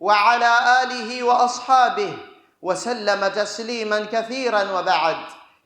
وعلى اله واصحابه وسلم تسليما كثيرا وبعد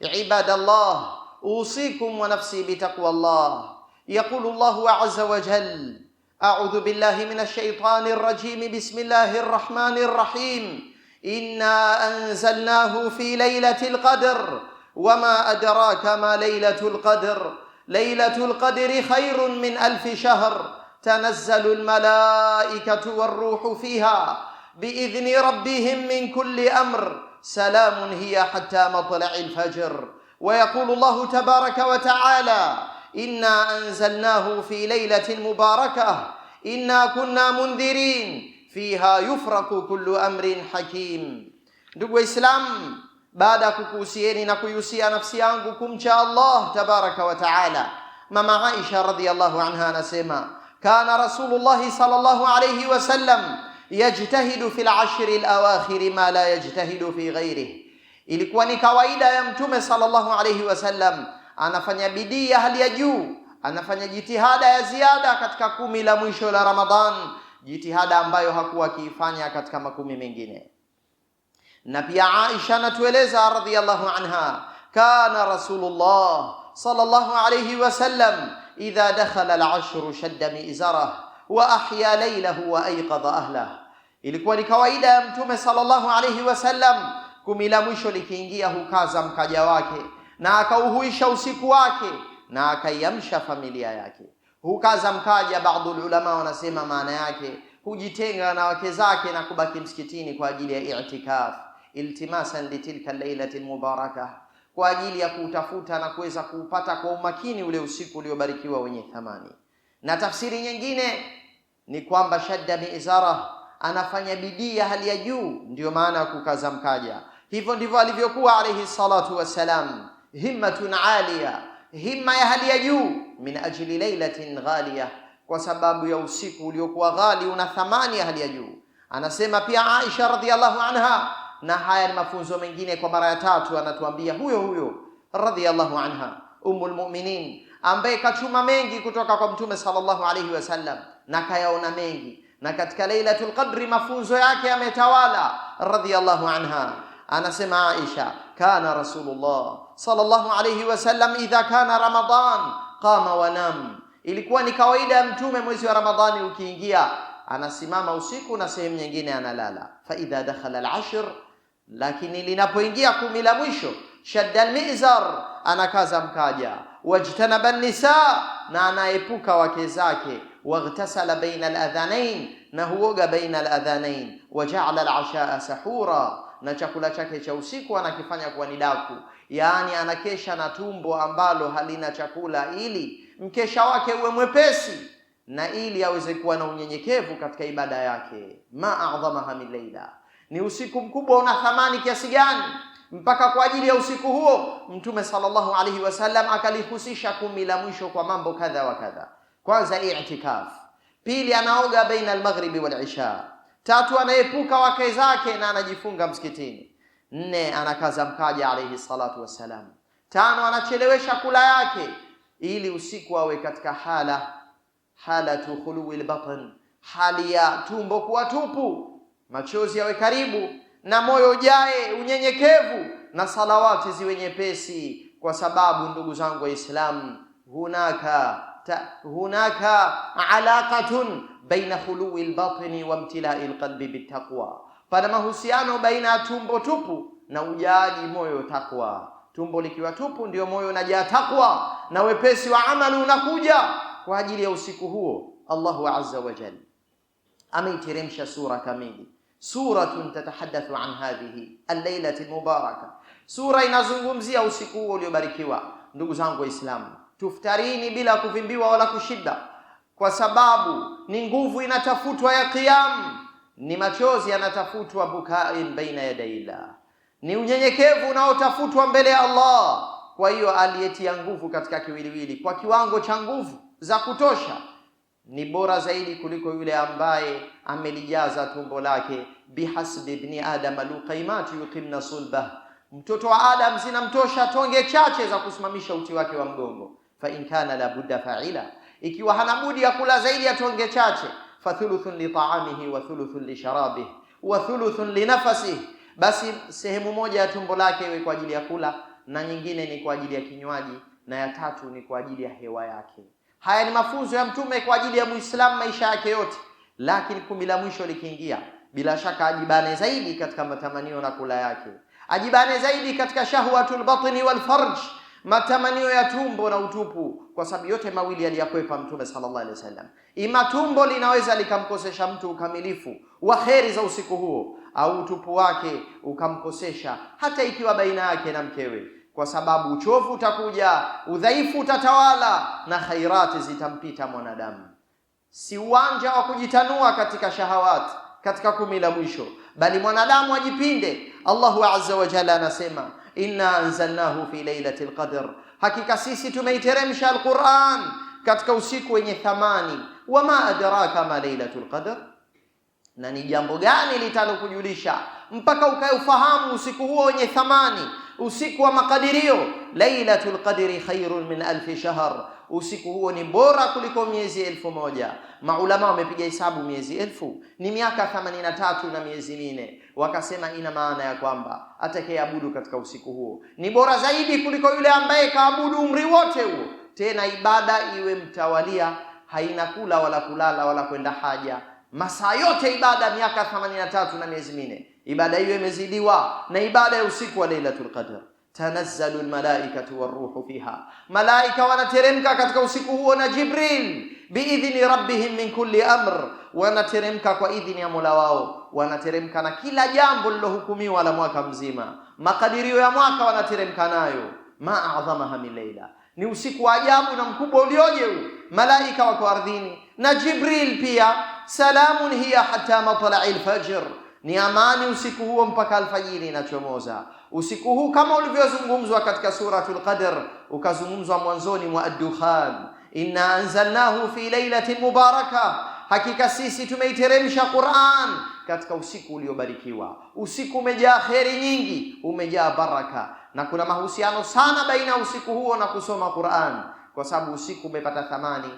عباد الله اوصيكم ونفسي بتقوى الله يقول الله عز وجل اعوذ بالله من الشيطان الرجيم بسم الله الرحمن الرحيم انا انزلناه في ليله القدر وما ادراك ما ليله القدر ليله القدر خير من الف شهر تنزل الملائكة والروح فيها بإذن ربهم من كل أمر سلام هي حتى مطلع الفجر ويقول الله تبارك وتعالى إنا أنزلناه في ليلة مباركة إنا كنا منذرين فيها يفرق كل أمر حكيم ndugu اسلام بعد ya kukuhusieni نفسي kuihusia شاء الله تبارك وتعالى ما عائشه رضي الله عنها radiallahu kana Rasulullah sallallahu alayhi wasallam yajtahidu fil ashri alawakhiri ma la yajtahidu fi ghairihi, ilikuwa ni kawaida ya mtume sallallahu alayhi wasallam, anafanya bidii ya hali ya juu, anafanya jitihada ya ziada katika kumi la mwisho la Ramadhan, jitihada ambayo hakuwa akiifanya katika makumi mengine. Na pia Aisha anatueleza radhiyallahu anha, kana Rasulullah sallallahu alayhi wasallam idha إذا دخل العشر شد مئزره waahya lailahu waaikadha ahlah. Ilikuwa ni kawaida ya Mtume sallallahu alayhi wasallam, kumi la mwisho likiingia hukaza mkaja wake na akauhuisha usiku wake na akaiamsha familia yake. Hukaza mkaja, baadhi ulama wanasema maana yake hujitenga na wake zake na kubaki msikitini kwa ajili ya i'tikaf, iltimasan litilka lailati lmubaraka kwa ajili ya kuutafuta na kuweza kuupata kwa umakini ule usiku uliobarikiwa wenye thamani. Na tafsiri nyingine ni kwamba shadda mizara anafanya bidii ya hali ya juu, ndiyo maana ya kukaza mkaja. Hivyo ndivyo alivyokuwa alayhi salatu wassalam, himmatun alia, himma ya hali ya juu, min ajli lailatin ghalia, kwa sababu ya usiku uliokuwa ghali, una thamani ya hali ya juu. Anasema pia Aisha radhiallahu anha na haya ni mafunzo mengine. Kwa mara ya tatu anatuambia huyo huyo radhiallahu anha ummul mu'minin, ambaye kachuma mengi kutoka kwa mtume sallallahu alayhi wasallam na kayaona mengi, na katika Lailatul Qadri mafunzo yake yametawala. Radhiallahu anha anasema Aisha, kana Rasulullah sallallahu alayhi wasallam idha kana Ramadan qama wa nam, ilikuwa ni kawaida ya mtume mwezi wa Ramadhani ukiingia anasimama usiku na sehemu nyingine analala. Fa idha dakhala al-ashr lakini linapoingia kumi la mwisho, shadda almizar, anakaza mkaja, wajtanaba nisa, na anaepuka wake zake, waghtasala baina aladhanain, na huoga baina aladhanain, wajaala alashaa sahura, na chakula chake cha usiku anakifanya kuwa ni daku, yaani anakesha na tumbo ambalo halina chakula, ili mkesha wake uwe mwepesi na ili aweze kuwa na unyenyekevu katika ibada yake. ma adhamaha min laila ni usiku mkubwa, una thamani kiasi gani mpaka kwa ajili ya usiku huo Mtume sallallahu alaihi wasallam akalihusisha kumi la mwisho kwa mambo kadha wa kadha. Kwanza i'tikaf, pili anaoga baina almaghribi wal isha, tatu anaepuka wake zake na anajifunga msikitini, nne anakaza mkaja alaihi salatu wassalam, tano anachelewesha kula yake ili usiku awe katika hala halatu khuluwi lbatn, hali ya tumbo kuwa tupu machozi yawe karibu na moyo ujae unyenyekevu, na salawati ziwe nyepesi, kwa sababu ndugu zangu Waislamu, hunaka ta, hunaka alaqatun baina khului lbatni wa imtilai lqalbi bitaqwa, pana mahusiano baina ya tumbo tupu na ujaaji moyo takwa. Tumbo likiwa tupu ndiyo moyo unajaa takwa na wepesi wa amali unakuja. Kwa ajili ya usiku huo Allahu azza wa jalla ameiteremsha sura kamili suratun tatahadathu an hadhihi allailati lmubaraka sura inazungumzia usiku huo uliobarikiwa. Ndugu zangu Waislamu, tuftarini bila kuvimbiwa wala kushida, kwa sababu ni nguvu inatafutwa ya qiyamu, ni machozi yanatafutwa, bukain baina yadaila, ni unyenyekevu unaotafutwa mbele ya Allah. Kwa hiyo aliyetia nguvu katika kiwiliwili kwa kiwango cha nguvu za kutosha ni bora zaidi kuliko yule ambaye amelijaza tumbo lake bihasbi ibni adama luqaimatu yuqimna sulbah, mtoto wa Adam zinamtosha tonge chache za kusimamisha uti wake wa mgongo. Fa in kana la budda fa'ila, ikiwa hana budi ya kula zaidi ya tonge chache. Fa thuluthun li ta'amihi wa thuluthun li sharabihi wa thuluthun li nafasihi, basi sehemu moja ya tumbo lake iwe kwa ajili ya kula na nyingine ni kwa ajili ya kinywaji na ya tatu ni kwa ajili ya hewa yake. Haya ni mafunzo ya Mtume kwa ajili ya Muislamu maisha yake yote, lakini kumi la mwisho likiingia, bila shaka ajibane zaidi katika matamanio na kula yake, ajibane zaidi katika shahwatul batni wal farj, matamanio ya tumbo na utupu, kwa sababu yote mawili aliyakwepa Mtume sallallahu alaihi wasallam. Ima tumbo linaweza likamkosesha mtu ukamilifu wa kheri za usiku huo, au utupu wake ukamkosesha hata ikiwa baina yake na mkewe kwa sababu uchovu utakuja, udhaifu utatawala na khairati zitampita mwanadamu. Si uwanja wa kujitanua katika shahawati, katika kumi la mwisho, bali mwanadamu ajipinde. Allahu azza wa jalla anasema inna anzalnahu fi lailatil qadr, hakika sisi tumeiteremsha Alquran katika usiku wenye thamani. Wama adraka ma lailatul qadr, na ni jambo gani litalokujulisha mpaka ukaufahamu usiku huo wenye thamani usiku wa makadirio, lailatul qadri khairun min alfi shahr, usiku huo ni bora kuliko miezi elfu moja. Maulama wamepiga hesabu miezi elfu ni miaka 83 na miezi minne, wakasema ina maana ya kwamba atakayeabudu katika usiku huo ni bora zaidi kuliko yule ambaye kaabudu umri wote huo, tena ibada iwe mtawalia, haina kula wala kulala wala kwenda haja, masaa yote ibada, miaka 83 na miezi minne ibada hiyo imezidiwa na ibada ya usiku wa Lailatul Qadr. Tanazzalu almalaikatu waruhu fiha, malaika wanateremka katika usiku huo na Jibril biidhni rabbihim min kulli amr, wanateremka kwa idhini ya mola wao, wanateremka na kila jambo lilohukumiwa la mwaka mzima, makadirio ya mwaka wanateremka nayo. Ma adhamaha min laila, ni usiku wa ajabu na mkubwa ulioje huu! Malaika wako ardhini na Jibril pia. Salamun hiya hata matlai lfajr ni amani usiku huo mpaka alfajiri inachomoza. Usiku huu kama ulivyozungumzwa katika Suratul Qadr, ukazungumzwa mwanzoni mwa Ad-Dukhan, inna anzalnahu fi lailatin mubaraka, hakika sisi tumeiteremsha Qur'an katika usiku uliobarikiwa. Usiku umejaa kheri nyingi, umejaa baraka, na kuna mahusiano sana baina ya usiku huo na kusoma Qur'an, kwa sababu usiku umepata thamani.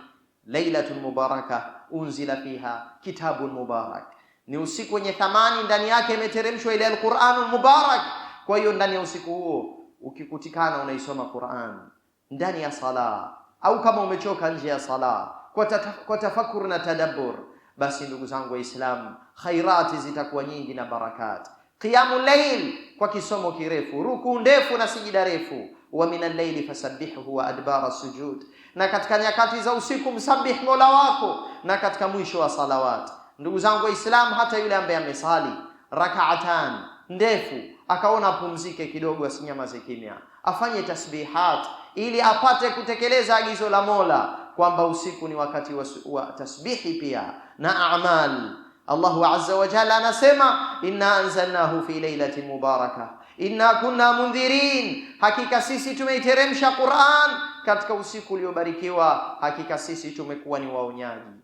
Lailatul mubaraka unzila fiha kitabun mubarak ni usiku wenye thamani, ndani yake imeteremshwa ile Al-Qur'an Mubarak. Kwa hiyo ndani ya usiku huo ukikutikana unaisoma Qur'an ndani ya sala au kama umechoka nje ya sala kwa, kwa tafakur na tadabbur, basi ndugu zangu waislam khairati zitakuwa nyingi na barakati. Qiyamul layl kwa kisomo kirefu, ruku ndefu na sijida refu. Wa min al-layli fasabbihhu wa adbara sujud, na katika nyakati za usiku msabih mola wako, na katika mwisho wa salawati Ndugu zangu Waislamu, hata yule ambaye amesali rakaatan ndefu akaona apumzike kidogo, asinyamaze kimya, afanye tasbihat ili apate kutekeleza agizo la Mola kwamba usiku ni wakati wa, wa tasbihi pia na amal. Allahu azza wa jalla anasema inna anzalnahu fi lailati mubaraka inna kunna mundhirin, hakika sisi tumeiteremsha Qur'an katika usiku uliobarikiwa, hakika sisi tumekuwa ni waonyaji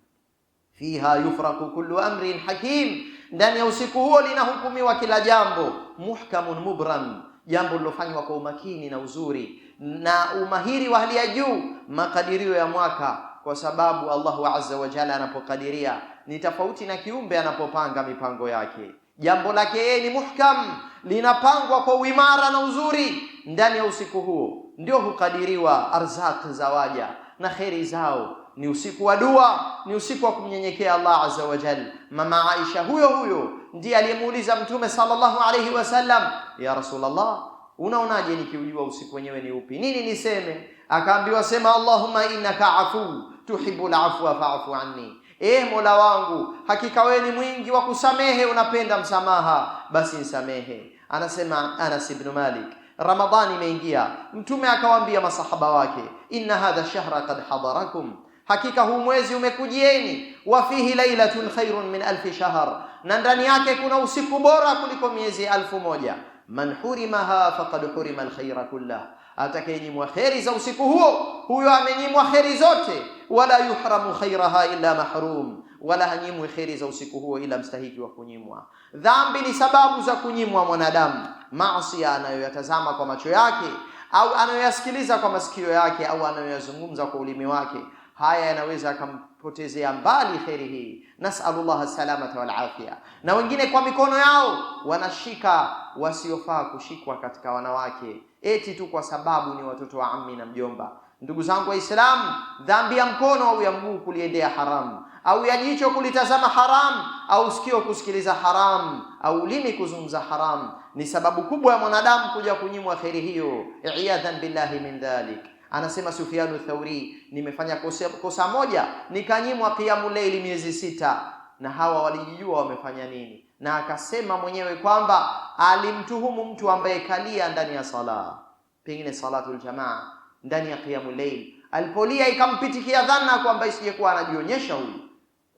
fiha yufraku kullu amrin hakim, ndani ya usiku huo linahukumiwa kila jambo. Muhkamun mubram, jambo lilofanywa kwa umakini na uzuri na umahiri wa hali ya juu, makadirio ya mwaka, kwa sababu Allahu azza wa jalla anapokadiria ni tofauti na kiumbe anapopanga mipango yake. Jambo lake yeye ni muhkam, linapangwa kwa uimara na uzuri. Ndani ya usiku huo ndio hukadiriwa arzaki za waja na kheri zao ni usiku wa dua, ni usiku wa kumnyenyekea Allah azza wa jal. Mama Aisha huyo huyo ndiye aliyemuuliza Mtume sallallahu alayhi wasallam, ya Rasulullah, unaonaje nikiujua usiku wenyewe ni upi, nini niseme? Akaambiwa, sema Allahumma innaka afu tuhibu lafwa fa'fu anni E Mola wangu, hakika wewe ni mwingi wa kusamehe, unapenda msamaha, basi nisamehe. Anasema Anas ibn Malik, Ramadhani imeingia, Mtume akawaambia masahaba wake, inna hadha shahra qad hadarakum hakika huu mwezi umekujieni, wa fihi lailatun khairun min alfi shahr, na ndani yake kuna usiku bora kuliko miezi alfu moja. Man hurimaha faqad hurima alkhaira kullah, atakayenyimwa kheri za usiku huo, huyo amenyimwa kheri zote. Wala yuhramu khairaha illa mahrum, wala hanyimwi kheri za usiku huo ila mstahiki wa kunyimwa. Dhambi ni sababu za kunyimwa mwanadamu, maasia anayoyatazama kwa macho yake au anayoyasikiliza kwa masikio yake au anayoyazungumza kwa ulimi wake haya yanaweza akampotezea mbali kheri hii, nasalullah salamata walafia. Na wengine kwa mikono yao wanashika wasiofaa kushikwa katika wanawake, eti tu kwa sababu ni watoto wa ammi na mjomba. Ndugu zangu Waislamu, dhambi ya mkono au ya mguu kuliendea haramu au ya jicho kulitazama haram au sikio kusikiliza haramu au ulimi kuzungumza haramu ni sababu kubwa ya mwanadamu kuja kunyimwa kheri hiyo, iyadhan billahi min dhalik. Anasema Sufyanu Thauri, nimefanya kosa, kosa moja nikanyimwa kiamu leili miezi sita, na hawa walijijua wamefanya nini, na akasema mwenyewe kwamba alimtuhumu mtu ambaye kalia ndani ya sala, pengine salatul jamaa, ndani ya kiamu leili, alipolia ikampitikia dhana kwamba isijekuwa anajionyesha huyu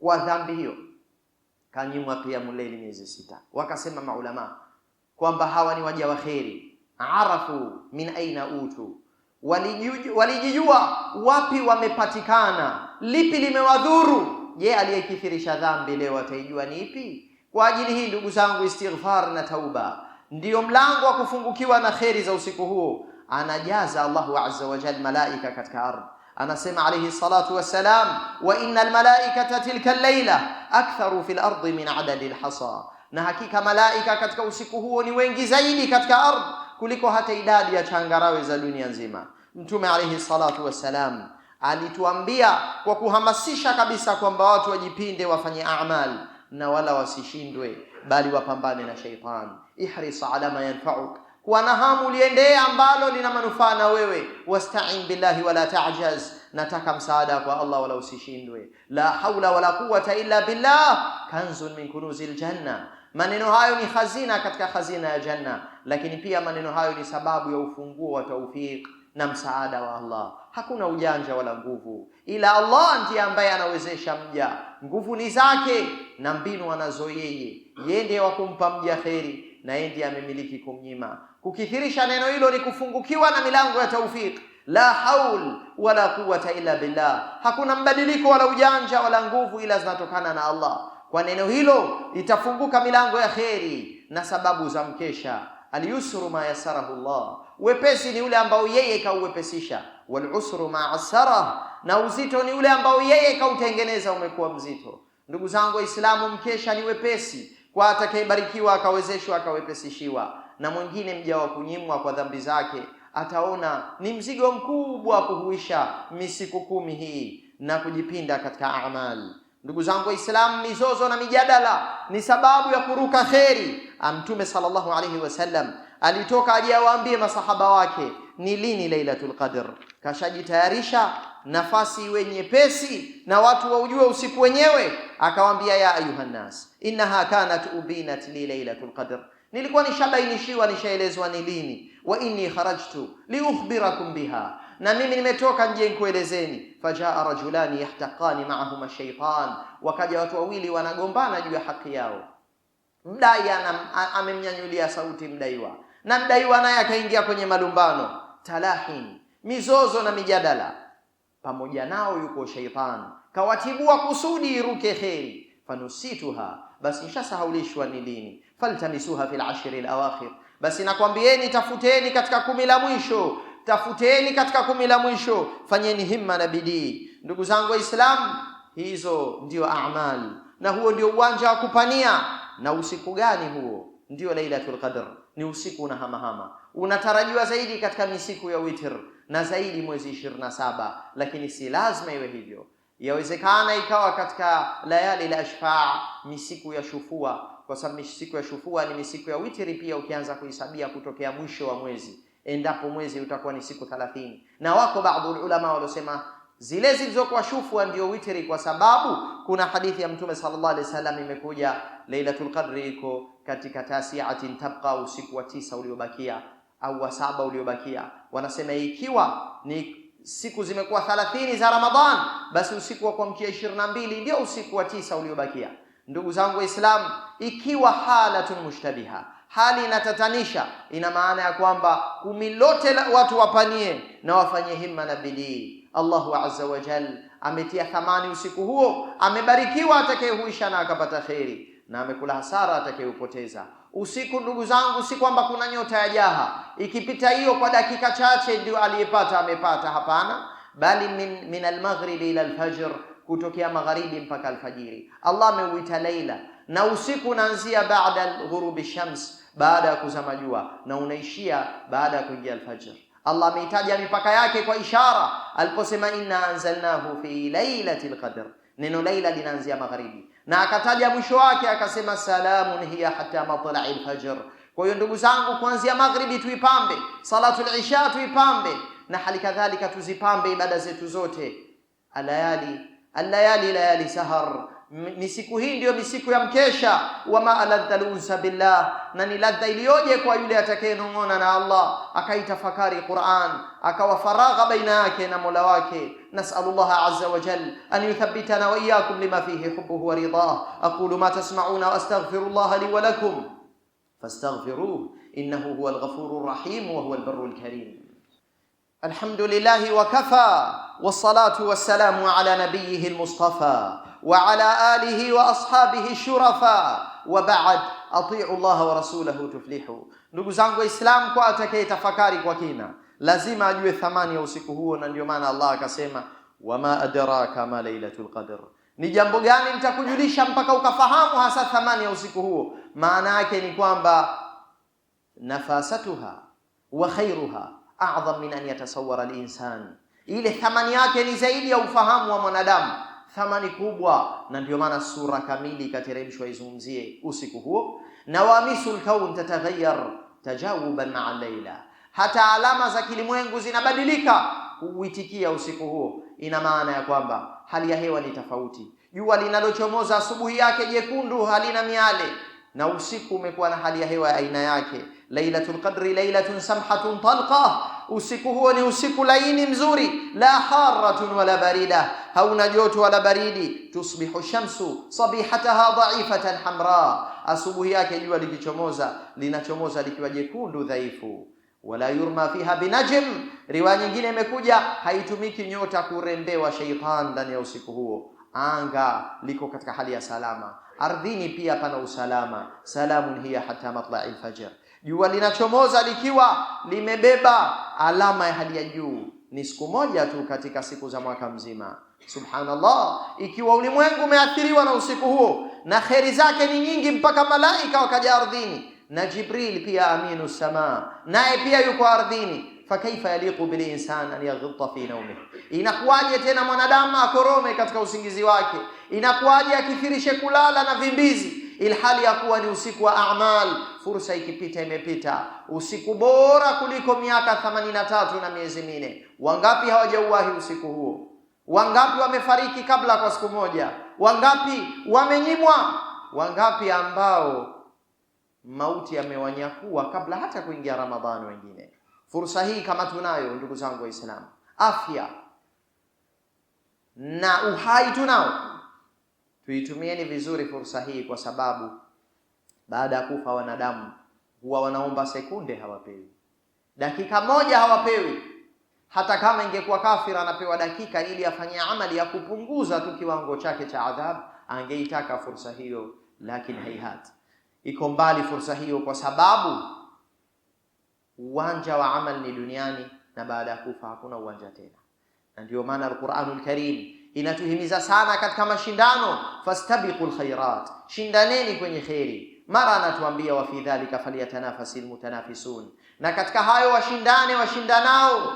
kwa dhambi hiyo, kanyimwa kiamu leili miezi sita. Wakasema maulama kwamba hawa ni waja wa kheri, arafu min aina utu walijijua, wapi wamepatikana, lipi limewadhuru. Je, aliyekithirisha dhambi leo ataijua ni ipi? Kwa ajili hii, ndugu zangu, istighfar na tauba ndiyo mlango wa kufungukiwa na kheri za usiku huo. Anajaza Allahu azza wa jalla malaika katika ardhi, anasema alayhi salatu wassalam, wa innal malaikata tilka llaila aktharu fil ardi min adadi lhasa, na hakika malaika katika usiku huo ni wengi zaidi katika ardhi kuliko hata idadi ya changarawe za dunia nzima. Mtume alaihi salatu wassalam alituambia kwa kuhamasisha kabisa kwamba watu wajipinde, wafanye amal na wala wasishindwe, bali wapambane na shaitani. Ihris ala ma yanfauk, kuwa na hamu liendee ambalo lina manufaa na wewe. Wastain billahi wala tajaz, nataka msaada kwa Allah wala usishindwe. La haula wala quwwata illa billah, kanzun min kunuzil janna Maneno hayo ni hazina katika hazina ya janna, lakini pia maneno hayo ni sababu ya ufunguo wa taufiq na msaada wa Allah. Hakuna ujanja wala nguvu, ila Allah ndiye ambaye anawezesha mja. Nguvu ni zake na mbinu anazo yeye, yeye ndiye wa kumpa mja kheri na yeye ndiye amemiliki kumnyima. Kukithirisha neno hilo ni kufungukiwa na milango ya taufiq. La haul wala quwwata illa billah, hakuna mbadiliko wala ujanja wala nguvu ila zinatokana na Allah. Kwa neno hilo itafunguka milango ya kheri na sababu za mkesha. Alyusru ma yasarahu Allah, wepesi ni ule ambao yeye kauwepesisha. Walusru ma asara, na uzito ni ule ambao yeye kautengeneza umekuwa mzito. Ndugu zangu Waislamu, mkesha ni wepesi kwa atakayebarikiwa akawezeshwa akawepesishiwa, na mwingine mja wa kunyimwa kwa dhambi zake ataona ni mzigo mkubwa kuhuisha misiku kumi hii na kujipinda katika amali Ndugu zangu Waislamu, mizozo na mijadala ni sababu ya kuruka kheri. Ah, Mtume sallallahu alayhi wasallam alitoka aje awaambie masahaba wake ni lini Lailatul Qadr. Kashajitayarisha nafasi iwe nyepesi na watu waujue usiku wenyewe. Akawaambia, ya nnas innaha kanat ubinat li Lailatul Qadr, nilikuwa nishabainishiwa nishaelezwa ni lini. Wa inni kharajtu liukhbirakum biha na mimi nimetoka nje nikuelezeni. Fajaa rajulani yahtaqani maahuma shaitan, wakaja watu wawili wanagombana juu ya haki yao. Mdai amemnyanyulia sauti mdaiwa, na mdaiwa naye akaingia kwenye malumbano, talahin, mizozo na mijadala. Pamoja nao yuko shaitan, kawatibua kusudi iruke kheri. Fanusituha, basi nishasahaulishwa ni lini. Faltamisuha fil ashri al awakhir, basi nakwambieni, tafuteni katika kumi la mwisho tafuteni katika kumi la mwisho, fanyeni himma na bidii. Ndugu zangu Waislamu, hizo ndio amali na huo ndio uwanja wa kupania. Na usiku gani huo? Ndio Lailatul Qadr, ni usiku hamahama unatarajiwa zaidi katika misiku ya witr na zaidi mwezi ishirini na saba, lakini si lazima iwe hivyo. Yawezekana ikawa katika layali la ashfaa, misiku ya shufua, kwa sababu misiku ya shufua ni misiku ya witri pia, ukianza kuhisabia kutokea mwisho wa mwezi endapo mwezi utakuwa ni siku 30. Na wako baadhi ulama waliosema zile zilizokuwa shufwa ndio witri, kwa sababu kuna hadithi ya Mtume sallallahu alaihi wasallam imekuja, Lailatul Qadri iko katika tasiatin tabqa, usiku wa tisa uliobakia au wa saba uliobakia. Wanasema ikiwa ni siku zimekuwa 30 za Ramadhan, basi usiku wa kuamkia 22 ndio usiku wa tisa uliobakia. Ndugu zangu Waislamu, ikiwa halatun mushtabiha hali inatatanisha, ina maana ya kwamba kumi lote la watu wapanie na wafanye himma na bidii. Allahu azza wa jal ametia thamani usiku huo, amebarikiwa atakayehuisha na akapata kheri, na amekula hasara atakayeupoteza usiku. Ndugu zangu, si kwamba kuna nyota ya jaha ikipita hiyo kwa dakika chache ndio aliyepata amepata, hapana, bali min, min almaghribi ila alfajr, kutokea magharibi mpaka alfajiri. Allah ameuita laila na usiku unaanzia baada alghurubi shams baada ya kuzama jua na unaishia baada ya kuingia alfajr. Allah ameitaja mipaka yake kwa ishara aliposema inna anzalnahu fi lailati lqadr Neno laila linaanzia magharibi, na akataja mwisho wake akasema salamun hiya hatta matlai lfajr Kwa hiyo ndugu zangu, kuanzia maghribi tuipambe salatu lisha tuipambe na hali kadhalika tuzipambe ibada zetu zote. Alayali alayali layali sahar misiku hii ndiyo misiku ya mkesha wa ma aladha lunsa billah, na ni ladha iliyoje kwa yule atakayenong'ona na Allah akaitafakari Qur'an akawa faragha baina yake na Mola wake. Nas'alullah azza wa jal an yuthabbitana wa iyyakum lima fihi hubbuhu wa ridah. Aqulu ma tasma'una wa astaghfirullah li wa lakum fastaghfiruh innahu huwal ghafurur rahim wa huwal barrul karim. Alhamdulillahi wa kafa wassalatu wassalamu ala nabiyyihi al وعلى آله وأصحابه شرفا وبعد أطيعوا الله ورسوله tuflihu ndugu zangu waislamu kwa tafakari kwa kina lazima ajue thamani ya usiku huo na ndio maana Allah akasema wama adraka ma lailatul qadr ni jambo gani nitakujulisha mpaka ukafahamu hasa thamani ya usiku huo maana yake ni kwamba nafasatuha wa khairuha a'dham min an yatasawwara al-insan ile thamani yake ni zaidi ya ufahamu wa mwanadamu thamani kubwa, na ndio maana sura kamili ikateremshwa izungumzie usiku huo. Na wamisu kaun tataghayyar tajawuban ma'a laila, hata alama za kilimwengu zinabadilika kuitikia usiku huo. Ina maana ya kwamba hali ya hewa ni tofauti. Jua linalochomoza asubuhi yake jekundu halina miale, na usiku umekuwa na hali ya hewa ya aina yake. Lailatul qadri lailatun samhatun talqa usiku huo ni usiku laini mzuri, la haratun wala barida, hauna joto wala baridi. Tusbihu shamsu sabihataha dhaifatan hamra, asubuhi yake jua likichomoza linachomoza likiwa jekundu dhaifu. Wala yurma fiha binajm, riwaya nyingine imekuja haitumiki nyota kurembewa sheitan ndani ya usiku huo. Anga liko katika hali ya salama, ardhini pia pana usalama. Salamun hiya hata matlai lfajr. Jua linachomoza likiwa limebeba alama ya hali ya juu, ni siku moja tu katika siku za mwaka mzima. Subhanallah, ikiwa ulimwengu umeathiriwa na usiku huo na kheri zake ni nyingi, mpaka malaika wakaja ardhini, na Jibril pia aminu samaa, naye pia yuko ardhini Fakaifa yaliqu bilinsan an yaghta fi naumi, inakuwaje tena mwanadamu akorome katika usingizi wake? Inakuwaje akifirishe kulala na vimbizi ilhali ya kuwa ni usiku wa amal. Fursa ikipita imepita, usiku bora kuliko miaka 83 na tatu na miezi minne. Wangapi hawajauwahi usiku huo? Wangapi wamefariki kabla kwa siku moja? Wangapi wamenyimwa? Wangapi ambao mauti yamewanyakua kabla hata kuingia Ramadhani? Wengine fursa hii kama tunayo, ndugu zangu Waislamu, afya na uhai tunao Tuitumieni vizuri fursa hii, kwa sababu baada ya kufa wanadamu huwa wanaomba sekunde, hawapewi dakika moja, hawapewi hata kama ingekuwa kafira anapewa dakika ili afanye amali ya kupunguza tu kiwango chake cha adhab, angeitaka fursa hiyo, lakini haihat, iko mbali fursa hiyo, kwa sababu uwanja wa amal ni duniani, na baada ya kufa hakuna uwanja tena, na ndio maana Alquranul Karim inatuhimiza sana katika mashindano, fastabiqul khairat, shindaneni kwenye kheri. Mara anatuambia wa fi dhalika falyatanafasil mutanafisun, na katika hayo washindane washindanao.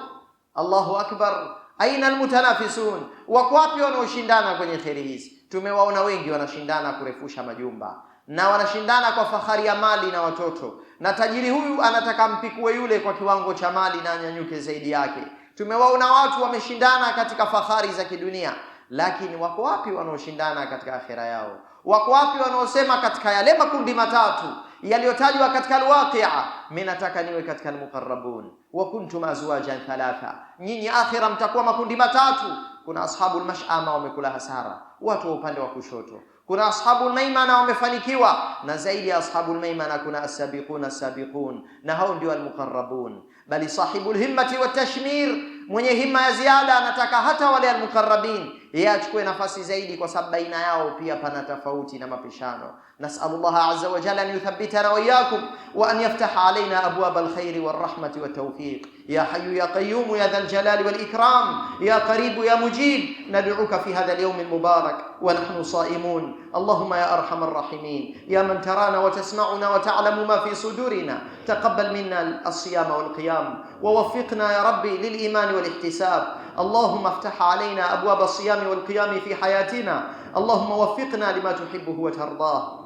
Allahu akbar! Aina almutanafisun, wako wapi wanaoshindana kwenye kheri hizi? Tumewaona wengi wanashindana kurefusha majumba na wanashindana kwa fahari ya mali na watoto, na tajiri huyu anataka mpikue yule kwa kiwango cha mali na anyanyuke zaidi yake Tumewaona watu wameshindana katika fahari za kidunia, lakini wako wapi wanaoshindana katika akhira yao? Wako wapi wanaosema katika yale makundi matatu yaliyotajwa katika Alwaqia, mimi nataka niwe katika almuqarrabun, wa kuntum azwajan thalatha. Nyinyi akhira mtakuwa makundi matatu. Kuna ashabul mashama wamekula hasara, watu wa upande wa kushoto kuna ashabul maimana wamefanikiwa, na zaidi ya ashabul maimana kuna asabiquna sabiqun, na hao ndio almuqarrabun. bali sahibu lhimmati watashmir mwenye hima ya ziada anataka hata wale almukarrabin yeye achukue nafasi zaidi, kwa sababu baina yao pia pana tofauti na mapishano. Nasalullaha azza wa jalla an yuthabbitana wa iyyakum wa an yaftaha alaina abwaba alkhairi warahmati watawfiq ya hayyu ya qayyum ya dhal jalali wal ikram ya qaribu ya mujib nad'uka fi hadha alyawm almubarak wa nahnu sa'imun allahumma ya arhamar rahimin ya man tarana wa tasma'una wa ta'lamu ma fi sudurina taqabbal minna as-siyama wal qiyam wa waffiqna ya rabbi lil iman wal ihtisab اللهم افتح علينا أبواب الصيام والقيام في حياتنا اللهم وفقنا لما تحبه وترضاه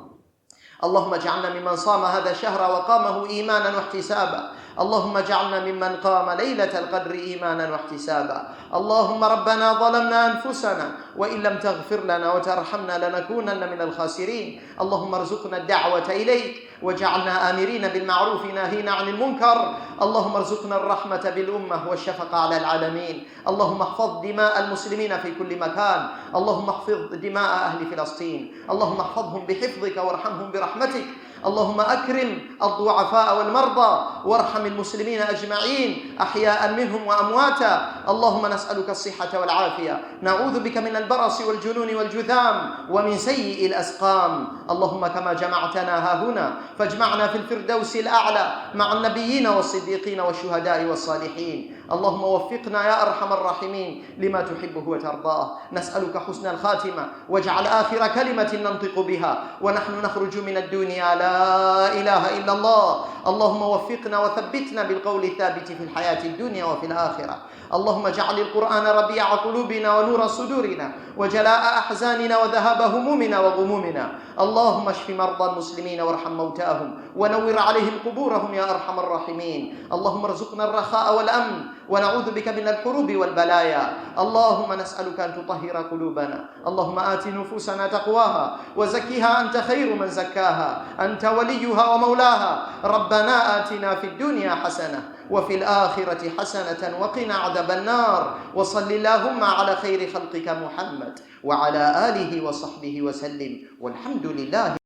اللهم اجعلنا ممن صام هذا الشهر وقامه ايمانا واحتسابا اللهم اجعلنا ممن قام ليله القدر ايمانا واحتسابا اللهم ربنا ظلمنا انفسنا وان لم تغفر لنا وترحمنا لنكونن من الخاسرين اللهم ارزقنا الدعوه اليك وجعلنا آمرين بالمعروف ناهين عن المنكر اللهم ارزقنا الرحمة بالأمة والشفقة على العالمين اللهم احفظ دماء المسلمين في كل مكان اللهم احفظ دماء أهل فلسطين اللهم احفظهم بحفظك وارحمهم برحمتك اللهم أكرم الضعفاء والمرضى وارحم المسلمين أجمعين أحياء منهم وأمواتا اللهم نسألك الصحة والعافية نعوذ بك من البرص والجنون والجذام ومن سيء الأسقام اللهم كما جمعتنا ها هنا فاجمعنا في الفردوس الأعلى مع النبيين والصديقين والشهداء والصالحين اللهم وفقنا يا أرحم الراحمين لما تحبه وترضاه نسألك حسن الخاتمة واجعل آخر كلمة ننطق بها ونحن نخرج من الدنيا لا إله إلا الله اللهم وفقنا وثبتنا بالقول الثابت في الحياة الدنيا وفي الآخرة اللهم اجعل القرآن ربيع قلوبنا ونور صدورنا وجلاء أحزاننا وذهاب همومنا وغمومنا اللهم اشف مرضى المسلمين وارحم موتاهم ونور عليهم قبورهم يا ارحم الراحمين اللهم ارزقنا الرخاء والامن ونعوذ بك من الحروب والبلايا اللهم نسالك ان تطهر قلوبنا اللهم ات نفوسنا تقواها وزكها انت خير من زكاها انت وليها ومولاها ربنا اتنا في الدنيا حسنه وفي الآخرة حسنة وقنا عذاب النار وصل اللهم على خير خلقك محمد وعلى آله وصحبه وسلم والحمد لله